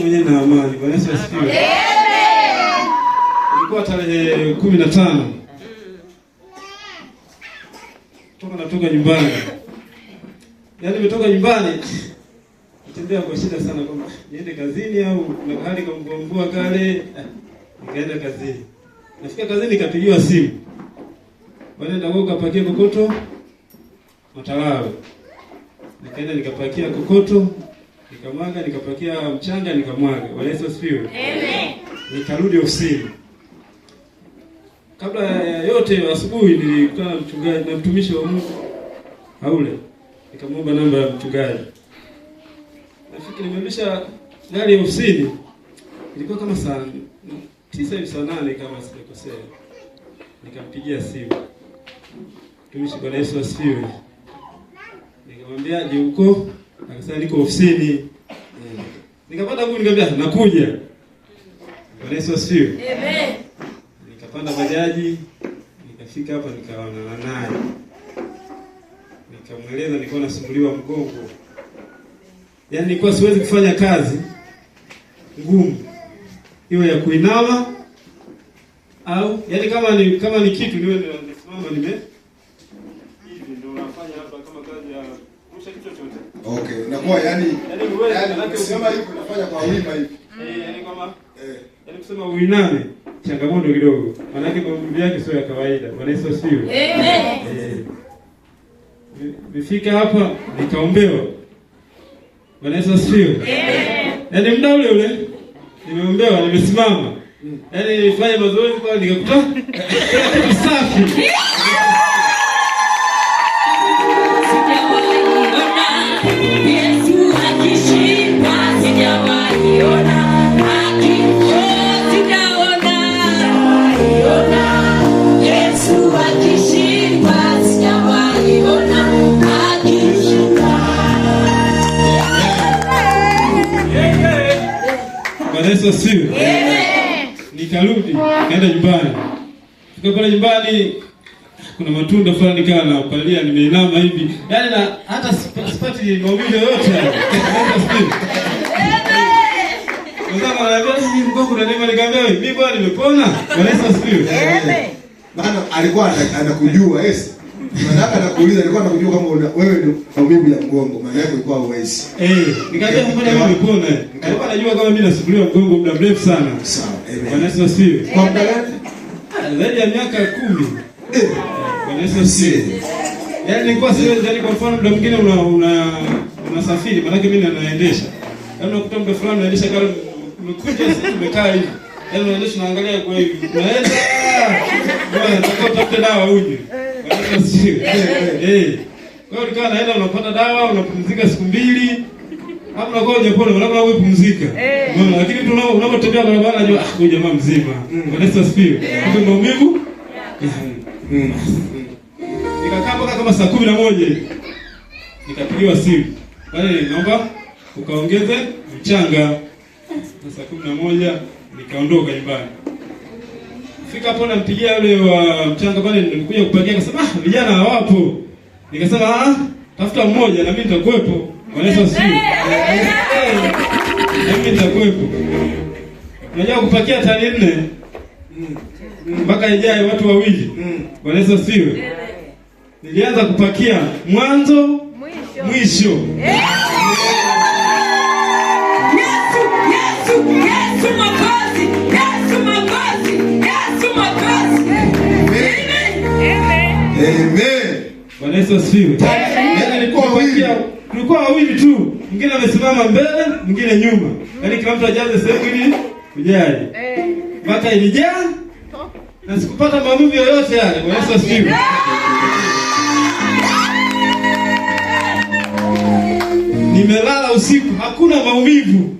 mwenyewe na amani. Bwana Yesu asifiwe. Ilikuwa tarehe kumi na tano mm. toka natoka nyumbani, yaani nimetoka nyumbani tembea kwa shida sana, kwamba niende kazini au na hali kamguambua kale. Nikaenda kazini, nafika kazini nikapigiwa simu, ndio wako kapakia kokoto Matalawe. Nikaenda nikapakia kokoto nikamwaga, nikapakia mchanga, nikamwaga. Bwana Yesu asifiwe, amen. Nikarudi ofisini. Kabla ya yote, asubuhi nilikutana na mchungaji na mtumishi wa Mungu Haule, nikamwomba namba ya mchungaji. Nafikiri nimerudisha gari ofisini, ilikuwa kama saa tisa hivi, saa nane kama sijakosea. Nikampigia simu mtumishi, Bwana Yesu asifiwe, nikamwambia je, uko akasema niko ofisini. Nikapanda huko nikamwambia nakuja. Bwana Yesu asifiwe. Amen. Nikapanda bajaji nikafika hapa nikaonana naye. Nikamweleza nilikuwa nasumbuliwa mgongo. Yaani nilikuwa siwezi kufanya kazi ngumu. Iwe ya kuinama au yaani kama ni kama ni kitu niwe nimesimama nime hivi ndio nafanya hapa kama kazi ya kuepusha kitu chochote. Okay, inakuwa yani yani wewe yani, unasema hivi unafanya kwa wima hivi. Eh, yani kama eh, yani kusema uiname changamoto kidogo. Maana yake maumbile yake sio ya kawaida. Maana sio sio. Eh. Nifika eh. eh. hapa nitaombewa. Maana sio sio. Eh. eh yani muda ule ule nimeombewa nimesimama. Yani nifanye mazoezi kwa nikakuta kila kitu safi. Bwana Yesu asifiwe. Nikarudi naenda nyumbani, fika pale nyumbani kuna matunda fulani kaa napalia, nimeinama hivi yaani, na hata sipati maumivu yoyote. Mimi bwana nimepona. Bwana Yesu asifiwe. Maana alikuwa anakujua Yesu maana yake nakuuliza nilikuwa nakujua kama una wewe ni maumivu ya mgongo, maana yake ulikuwa uwezi. Eh, nikaanza kufanya mimi pole. Alikuwa anajua kama mimi nasukulia mgongo muda mrefu sana. Sawa. Bwana Yesu asifiwe. Kwa muda gani? Ah, zaidi ya miaka 10. Eh. Bwana Yesu asifiwe. Yaani nilikuwa siwezi, yaani kwa mfano muda mwingine una una unasafiri, maana yake mimi naendesha. Yaani unakuta muda fulani naendesha kama umekuja sisi tumekaa hivi. Yaani unaendesha unaangalia kwa hivi. Unaenda. Bwana, utakotafuta dawa uje. Kwa hiyo naenda, unapata dawa, unapumzika siku mbili, hapo unakuwa hujapona, labda wewe pumzika. Unaona, lakini mtu unapotembea barabara unajua ah, huyu jamaa mzima. Bwana Yesu asifiwe. Ndio maumivu. Nikakaa mpaka kama saa kumi na moja nikapigiwa simu. Bwana, naomba ukaongeze mchanga. Saa kumi na moja nikaondoka nyumbani. Fika hapo nampigia yule wa mchanga pale, nilikuja kupangia, akasema ah, vijana hawapo. Nikasema ah, tafuta mmoja na mimi nitakuwepo. Wanaweza sio? Na mimi nitakuwepo. Unajua kupakia tani nne mm. Mm. mpaka ijae watu wawili. Wanaweza mm. sio? Nilianza kupakia mwanzo mwisho. mwisho. Bwana Yesu asifiwe. Tulikuwa yaani wawili tu, mwingine amesimama mbele, mwingine nyuma, yaani kila mtu ajaze sehemu ili ujaje mpaka ilijaa na sikupata maumivu yoyote yale. Bwana Yesu asifiwe. Nimelala usiku, hakuna maumivu.